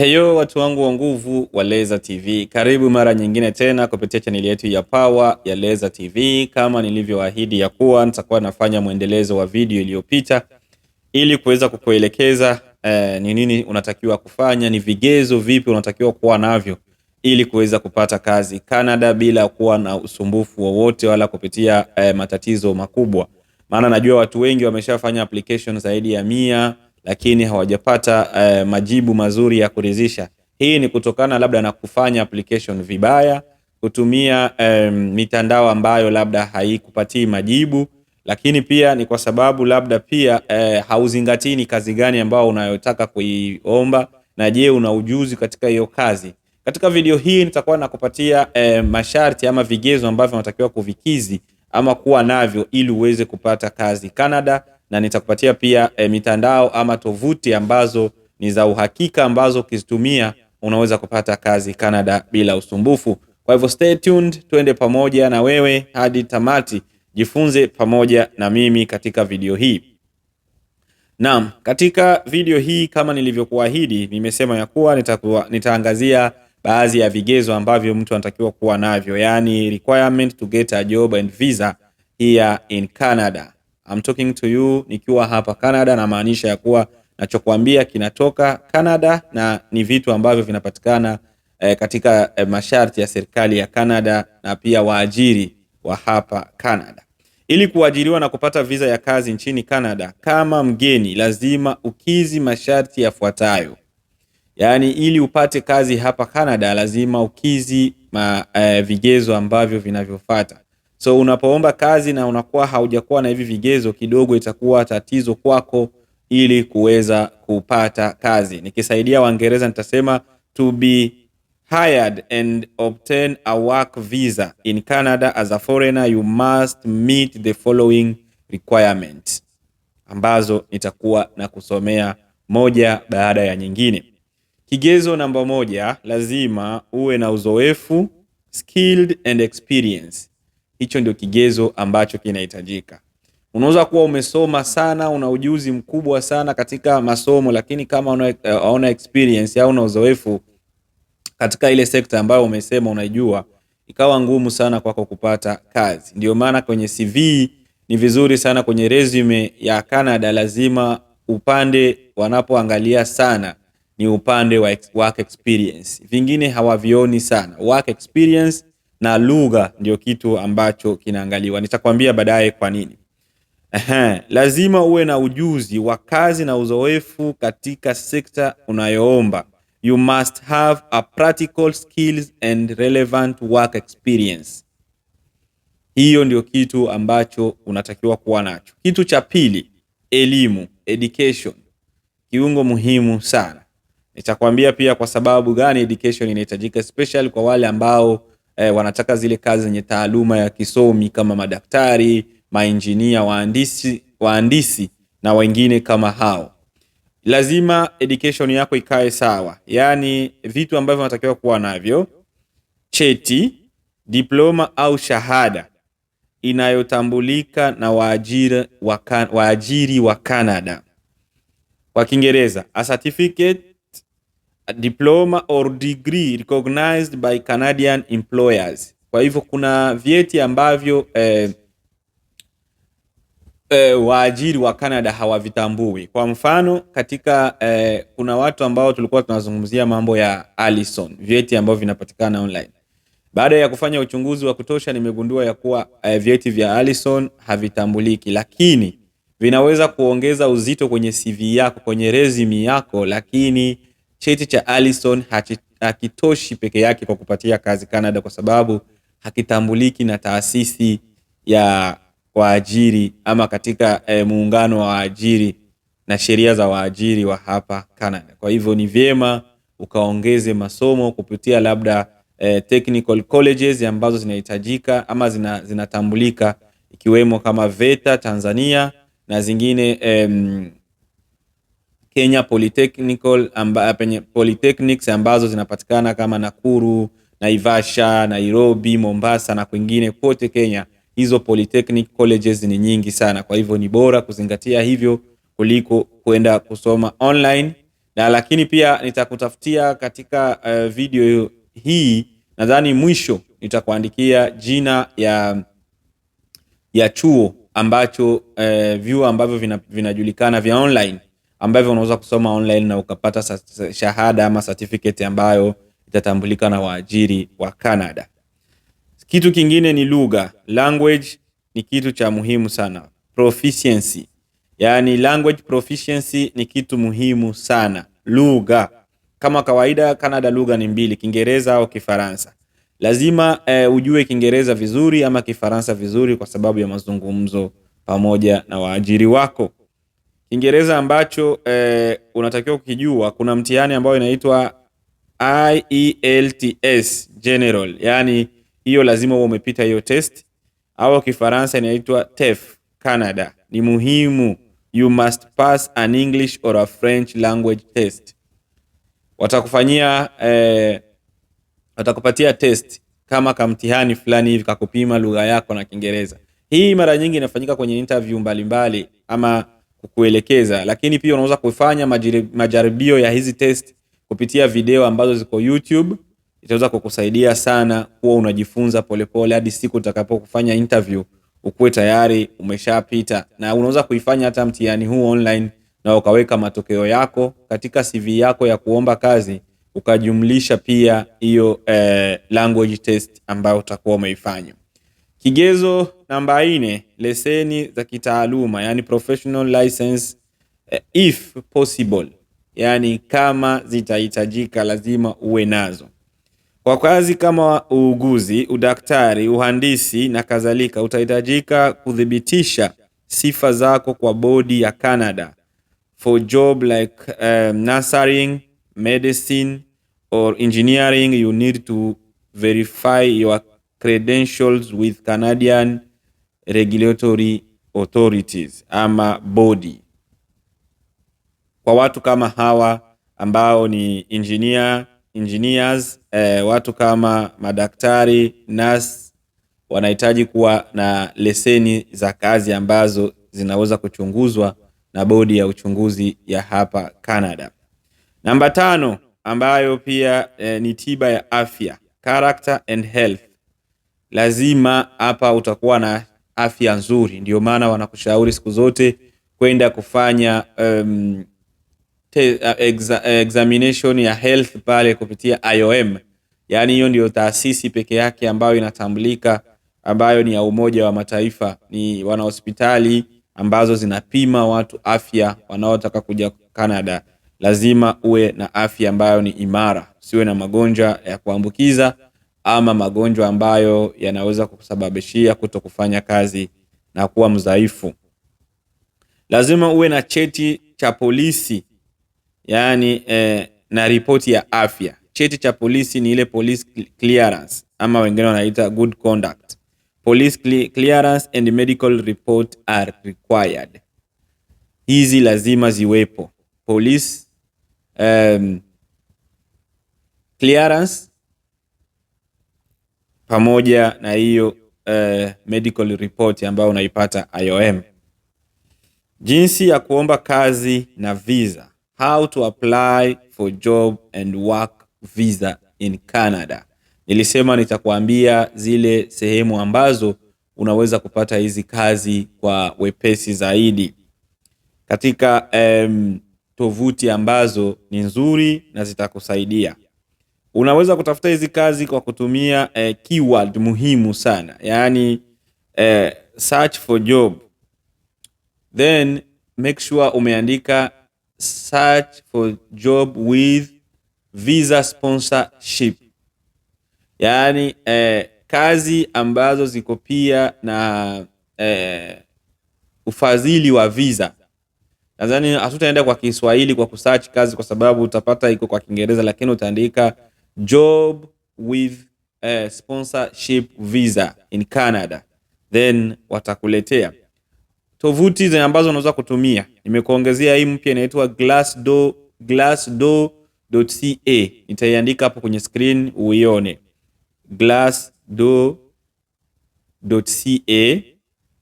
Heyo watu wangu wa nguvu wa Leza TV, karibu mara nyingine tena kupitia chaneli yetu ya Power ya Leza TV. Kama nilivyoahidi ya kuwa nitakuwa nafanya mwendelezo wa video iliyopita ili kuweza kukuelekeza eh, ni nini unatakiwa kufanya, ni vigezo vipi unatakiwa kuwa navyo ili kuweza kupata kazi Canada bila kuwa na usumbufu wowote wa wala kupitia eh, matatizo makubwa, maana najua watu wengi wameshafanya application zaidi ya mia lakini hawajapata eh, majibu mazuri ya kuridhisha. Hii ni kutokana labda na kufanya application vibaya, kutumia eh, mitandao ambayo labda haikupatii majibu, lakini pia ni kwa sababu labda pia eh, hauzingatii ni kazi gani ambao unayotaka kuiomba na je, una ujuzi katika hiyo kazi. Katika video hii nitakuwa nakupatia eh, masharti ama vigezo ambavyo unatakiwa kuvikizi ama kuwa navyo ili uweze kupata kazi Canada na nitakupatia pia e, mitandao ama tovuti ambazo ni za uhakika ambazo ukizitumia unaweza kupata kazi Canada bila usumbufu. Kwa hivyo stay tuned, twende pamoja na wewe hadi tamati, jifunze pamoja na mimi katika video hii. Naam, katika video hii kama nilivyokuahidi, nimesema ya kuwa nitakuwa, nitaangazia baadhi ya vigezo ambavyo mtu anatakiwa kuwa navyo, yani requirement to get a job and visa here in Canada. I'm talking to you nikiwa hapa Canada, na maanisha ya kuwa nachokuambia kinatoka Canada na ni vitu ambavyo vinapatikana eh, katika eh, masharti ya serikali ya Canada na pia waajiri wa hapa Canada. Ili kuajiriwa na kupata visa ya kazi nchini Canada kama mgeni, lazima ukizi masharti yafuatayo. Yaani, ili upate kazi hapa Canada lazima ukizi ma, eh, vigezo ambavyo vinavyofuata. So unapoomba kazi na unakuwa haujakuwa na hivi vigezo, kidogo itakuwa tatizo kwako ili kuweza kupata kazi. Nikisaidia Waingereza nitasema to be hired and obtain a work visa in Canada as a foreigner you must meet the following requirements, ambazo nitakuwa na kusomea moja baada ya nyingine. Kigezo namba moja, lazima uwe na uzoefu skilled and experience hicho ndio kigezo ambacho kinahitajika. Unaweza kuwa umesoma sana, una ujuzi mkubwa sana katika masomo, lakini kama una, eh, experience au una uzoefu katika ile sekta ambayo umesema unaijua, ikawa ngumu sana kwako kupata kazi. Ndio maana kwenye CV ni vizuri sana, kwenye resume ya Canada lazima upande wanapoangalia sana ni upande wa work experience, vingine hawavioni sana work experience na lugha ndio kitu ambacho kinaangaliwa. Nitakwambia baadaye kwa nini. Aha, lazima uwe na ujuzi wa kazi na uzoefu katika sekta unayoomba. You must have a practical skills and relevant work experience. Hiyo ndio kitu ambacho unatakiwa kuwa nacho. Kitu cha pili, elimu, education. Kiungo muhimu sana. Nitakwambia pia kwa sababu gani education inahitajika especially kwa wale ambao eh, wanataka zile kazi zenye taaluma ya kisomi kama madaktari, mainjinia, waandisi, waandisi na wengine kama hao. Lazima education yako ikae sawa, yaani vitu ambavyo unatakiwa kuwa navyo: cheti, diploma au shahada inayotambulika na waajiri wa Canada, kwa Kiingereza a certificate diploma or degree recognized by Canadian employers. Kwa hivyo kuna vyeti ambavyo eh, eh, waajiri wa Canada hawavitambui. Kwa mfano katika eh, kuna watu ambao tulikuwa tunazungumzia mambo ya Allison, vyeti ambavyo vinapatikana online. Baada ya kufanya uchunguzi wa kutosha, nimegundua ya kuwa eh, vyeti vya Allison havitambuliki, lakini vinaweza kuongeza uzito kwenye CV yako, kwenye resume yako, lakini cheti cha Allison hakitoshi peke yake kwa kupatia kazi Canada, kwa sababu hakitambuliki na taasisi ya waajiri ama katika e, muungano wa waajiri na sheria za waajiri wa hapa Canada. Kwa hivyo ni vyema ukaongeze masomo kupitia labda e, technical colleges ambazo zinahitajika ama zina, zinatambulika ikiwemo kama VETA Tanzania na zingine em, Kenya Polytechnical amba, penye polytechnics ambazo zinapatikana kama Nakuru, Naivasha, Nairobi, Mombasa na kwingine kote Kenya. Hizo polytechnic colleges ni nyingi sana, kwa hivyo ni bora kuzingatia hivyo kuliko kwenda kusoma online. Na lakini pia nitakutafutia katika uh, video hii nadhani mwisho nitakuandikia jina ya ya chuo ambacho uh, vyuo ambavyo vinajulikana vina vya online ambavyo unaweza kusoma online na ukapata shahada ama certificate ambayo itatambulika na waajiri wa Canada. Kitu kingine ni lugha. Language ni kitu cha muhimu sana. Proficiency, Yaani language proficiency ni kitu muhimu sana. Lugha kama kawaida, Canada lugha ni mbili, Kiingereza au Kifaransa. Lazima eh, ujue Kiingereza vizuri ama Kifaransa vizuri, kwa sababu ya mazungumzo pamoja na waajiri wako. Kiingereza ambacho eh, unatakiwa kukijua, kuna mtihani ambao inaitwa IELTS General, yani hiyo lazima uwe umepita hiyo test, au Kifaransa inaitwa TEF Canada. Ni muhimu, you must pass an English or a French language test. Watakufanyia eh, watakupatia test kama kamtihani fulani hivi kakupima lugha yako na Kiingereza. Hii mara nyingi inafanyika kwenye interview mbalimbali mbali, ama kukuelekeza, lakini pia unaweza kufanya majaribio ya hizi test kupitia video ambazo ziko YouTube. Itaweza kukusaidia sana kuwa unajifunza polepole hadi siku utakapokufanya interview ukuwe tayari umeshapita, na unaweza kuifanya hata mtihani huu online na ukaweka matokeo yako katika CV yako ya kuomba kazi, ukajumlisha pia hiyo eh, language test ambayo utakuwa umeifanya. Kigezo namba nne, leseni za kitaaluma yani professional license eh, if possible, yani kama zitahitajika lazima uwe nazo kwa kazi kama uuguzi, udaktari, uhandisi na kadhalika. Utahitajika kuthibitisha sifa zako kwa bodi ya Canada for job like um, nursing, medicine or engineering you need to verify your credentials with Canadian regulatory authorities ama body. Kwa watu kama hawa ambao ni engineer, engineers eh, watu kama madaktari, nurse wanahitaji kuwa na leseni za kazi ambazo zinaweza kuchunguzwa na bodi ya uchunguzi ya hapa Canada. Namba tano ambayo pia eh, ni tiba ya afya, character and health lazima hapa utakuwa na afya nzuri. Ndio maana wanakushauri siku zote kwenda kufanya um, te, uh, exa, examination ya health pale kupitia IOM. Yaani hiyo ndio taasisi peke yake ambayo inatambulika ambayo ni ya Umoja wa Mataifa, ni wana hospitali ambazo zinapima watu afya wanaotaka kuja Canada. Lazima uwe na afya ambayo ni imara, usiwe na magonjwa ya kuambukiza ama magonjwa ambayo yanaweza kukusababishia kuto kufanya kazi na kuwa mdhaifu. Lazima uwe na cheti cha polisi yani, eh, na ripoti ya afya. Cheti cha polisi ni ile police clearance ama wengine wanaita good conduct. Police clearance and medical report are required. Hizi lazima ziwepo. Police um, clearance pamoja na hiyo uh, medical report ambayo unaipata IOM. Jinsi ya kuomba kazi na visa, how to apply for job and work visa in Canada. Nilisema nitakuambia zile sehemu ambazo unaweza kupata hizi kazi kwa wepesi zaidi katika um, tovuti ambazo ni nzuri na zitakusaidia unaweza kutafuta hizi kazi kwa kutumia eh, keyword muhimu sana yaani eh, search for job then make sure umeandika search for job with visa sponsorship, yaani eh, kazi ambazo ziko pia na eh, ufadhili wa visa. Nadhani hatutaenda kwa Kiswahili kwa kusearch kazi, kwa sababu utapata iko kwa Kiingereza, lakini utaandika job with a sponsorship visa in Canada, then watakuletea tovuti zenye ambazo unaweza kutumia. Nimekuongezea hii mpya inaitwa Glassdoor, glassdoor.ca. Nitaiandika hapo kwenye screen uione, glassdoor.ca.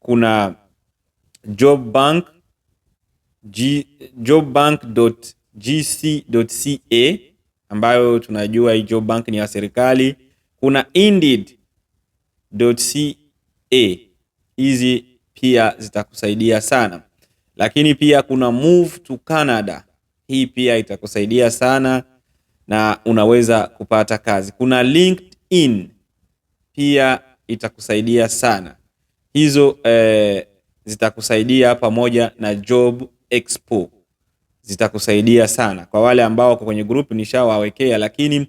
Kuna job bank, ambayo tunajua hiyo bank ni ya serikali. Kuna Indeed.ca, hizi pia zitakusaidia sana, lakini pia kuna Move to Canada, hii pia itakusaidia sana na unaweza kupata kazi. Kuna LinkedIn pia itakusaidia sana hizo eh, zitakusaidia pamoja na Job Expo zitakusaidia sana. Kwa wale ambao wako kwenye group nishawawekea, lakini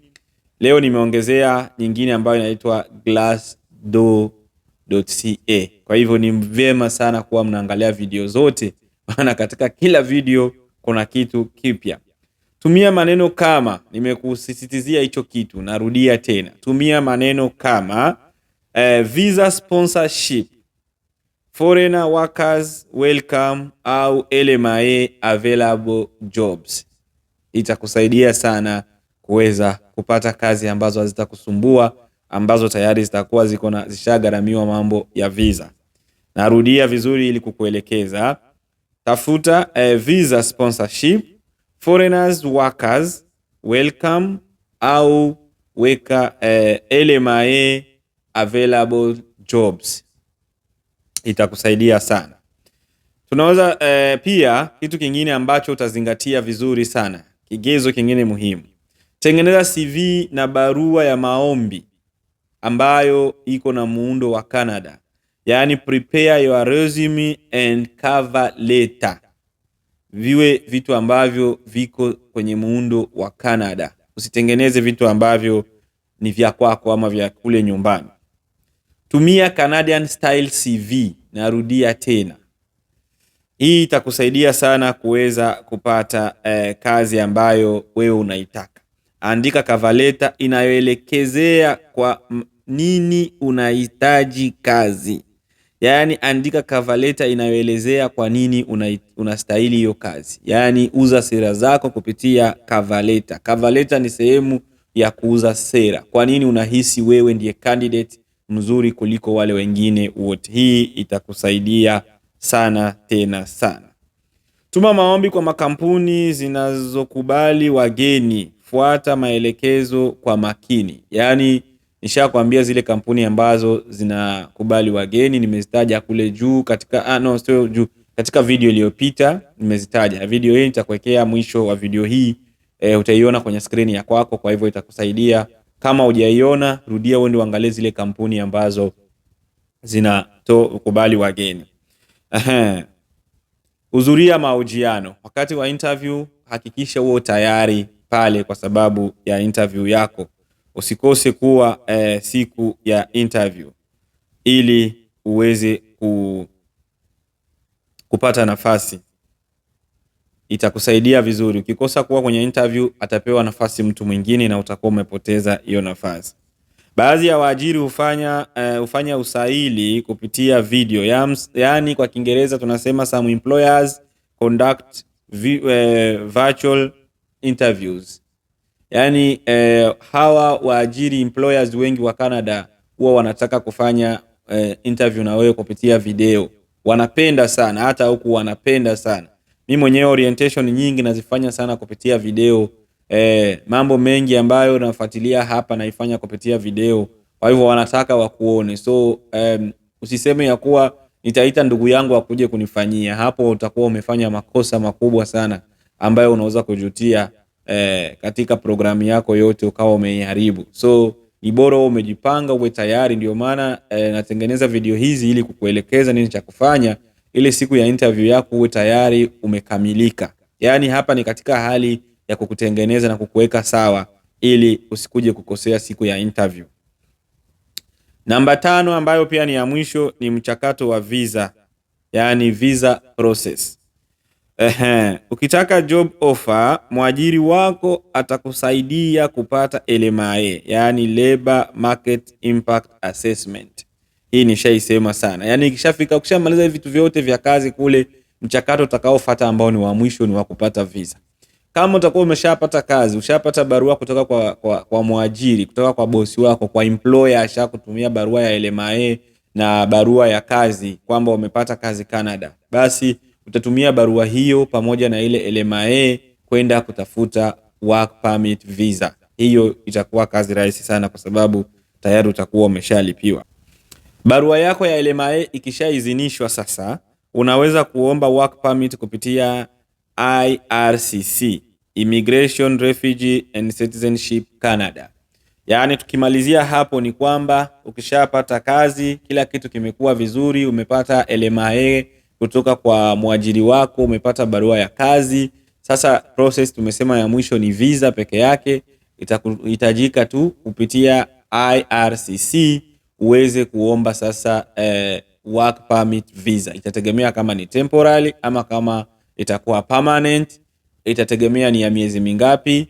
leo nimeongezea nyingine ambayo inaitwa glassdoor.ca. Kwa hivyo ni vyema sana kuwa mnaangalia video zote, maana katika kila video kuna kitu kipya. Tumia maneno kama, nimekusisitizia hicho kitu, narudia tena, tumia maneno kama eh, visa sponsorship foreigner workers welcome au LMIA available jobs. Itakusaidia sana kuweza kupata kazi ambazo hazitakusumbua, ambazo tayari zitakuwa ziko na zishagharamiwa mambo ya visa. Narudia vizuri ili kukuelekeza, tafuta eh, visa sponsorship, foreigners workers welcome au weka eh, LMIA available jobs itakusaidia sana. Tunaweza eh, pia kitu kingine ambacho utazingatia vizuri sana, kigezo kingine muhimu, tengeneza CV na barua ya maombi ambayo iko na muundo wa Canada, yaani prepare your resume and cover letter, viwe vitu ambavyo viko kwenye muundo wa Canada. Usitengeneze vitu ambavyo ni vya kwako ama vya kule nyumbani. Tumia Canadian Style CV, narudia tena, hii itakusaidia sana kuweza kupata eh, kazi ambayo wewe unaitaka. Andika cover letter inayoelekezea kwa nini unahitaji kazi, yaani andika cover letter inayoelezea kwa nini unastahili hiyo kazi, yaani uza sera zako kupitia cover letter. Cover letter ni sehemu ya kuuza sera, kwa nini unahisi wewe ndiye candidate mzuri kuliko wale wengine wote. Hii itakusaidia sana tena sana. Tuma maombi kwa makampuni zinazokubali wageni. Fuata maelekezo kwa makini. Yaani, nishakwambia zile kampuni ambazo zinakubali wageni nimezitaja kule juu katika ah, no sio juu katika video iliyopita nimezitaja. Video hii nitakuwekea mwisho wa video hii e, utaiona kwenye skrini ya kwako, kwa hivyo itakusaidia kama hujaiona rudia, uende uangalie zile kampuni ambazo zinakubali wageni. Aha. Uzuria mahojiano. Wakati wa interview hakikisha uwe tayari pale kwa sababu ya interview yako. Usikose kuwa eh, siku ya interview ili uweze ku, kupata nafasi itakusaidia vizuri. Ukikosa kuwa kwenye interview, atapewa nafasi mtu mwingine na utakuwa umepoteza hiyo nafasi. Baadhi ya waajiri hufanya uh, usaili kupitia video ya, yani kwa Kiingereza tunasema some employers conduct vi, uh, virtual interviews. Yani uh, eh, hawa waajiri employers wengi wa Canada huwa wanataka kufanya uh, interview na wewe kupitia video, wanapenda sana hata huku wanapenda sana mimi mwenyewe orientation nyingi nazifanya sana kupitia video eh, mambo mengi ambayo nafuatilia hapa naifanya kupitia video, kwa hivyo wanataka wakuone. So um, usiseme ya kuwa nitaita ndugu yangu akuje kunifanyia, hapo utakuwa umefanya makosa makubwa sana ambayo unaweza kujutia eh, katika programu yako yote ukawa umeiharibu. So ni bora umejipanga, uwe tayari. Ndio maana eh, natengeneza video hizi ili kukuelekeza nini cha kufanya ile siku ya interview yako uwe tayari umekamilika. Yaani hapa ni katika hali ya kukutengeneza na kukuweka sawa ili usikuje kukosea siku ya interview. Namba tano ambayo pia ni ya mwisho ni mchakato wa visa, yaani visa process. Ehe, ukitaka job offer mwajiri wako atakusaidia kupata LMIA, e, yani Labor Market Impact Assessment. Hii nishaisema sana. Yaani ikishafika ukishamaliza vitu vyote vya kazi kule, mchakato utakaofuata ambao ni wa mwisho ni wa kupata visa. Kama utakuwa umeshapata kazi, ushapata barua kutoka kwa, kwa, kwa mwajiri, kutoka kwa bosi wako, kwa employer ashakutumia barua ya LMIA na barua ya kazi kwamba umepata kazi Canada. Basi utatumia barua hiyo pamoja na ile LMIA kwenda kutafuta work permit visa. Hiyo itakuwa kazi rahisi sana kwa sababu tayari utakuwa umeshalipiwa. Barua yako ya LMIA ikishaidhinishwa sasa, unaweza kuomba work permit kupitia IRCC, Immigration, Refugee and Citizenship Canada. Yaani tukimalizia hapo ni kwamba ukishapata kazi, kila kitu kimekuwa vizuri, umepata LMIA kutoka kwa mwajiri wako, umepata barua ya kazi. Sasa process tumesema ya mwisho ni visa peke yake, itahitajika tu kupitia IRCC uweze kuomba sasa eh, work permit visa. Itategemea kama ni temporary ama kama itakuwa permanent, itategemea ni ya miezi mingapi.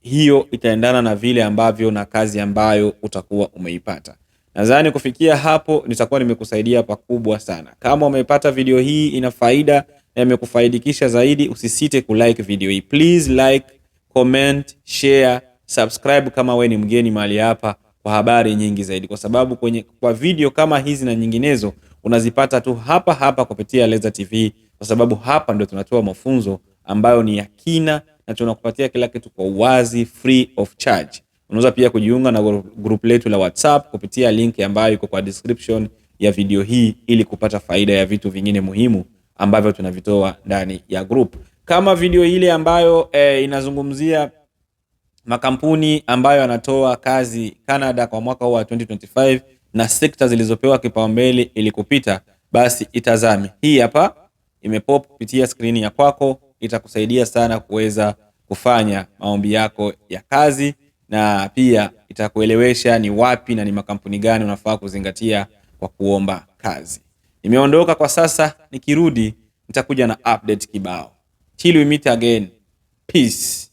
Hiyo itaendana na vile ambavyo na kazi ambayo utakuwa umeipata. Nadhani kufikia hapo nitakuwa nimekusaidia pakubwa sana. Kama umepata video hii ina faida na imekufaidikisha zaidi, usisite kulike video hii. Please like, comment, share, subscribe kama we ni mgeni mahali hapa kwa habari nyingi zaidi, kwa sababu kwenye, kwa video kama hizi na nyinginezo unazipata tu hapa hapa kupitia Leza TV, kwa sababu hapa ndio tunatoa mafunzo ambayo ni ya kina na tunakupatia kila kitu kwa uwazi free of charge. Unaweza pia kujiunga na group letu la WhatsApp kupitia link ambayo iko kwa description ya video hii ili kupata faida ya vitu vingine muhimu ambavyo tunavitoa ndani ya group, kama video ile ambayo eh, inazungumzia makampuni ambayo yanatoa kazi Canada kwa mwaka huu wa 2025 na sekta zilizopewa kipaumbele ili kupita, basi itazame hii hapa, imepop kupitia skrini ya kwako, itakusaidia sana kuweza kufanya maombi yako ya kazi, na pia itakuelewesha ni wapi na ni makampuni gani unafaa kuzingatia kwa kuomba kazi. Nimeondoka kwa sasa, nikirudi nitakuja na update kibao. Till we meet again. Peace.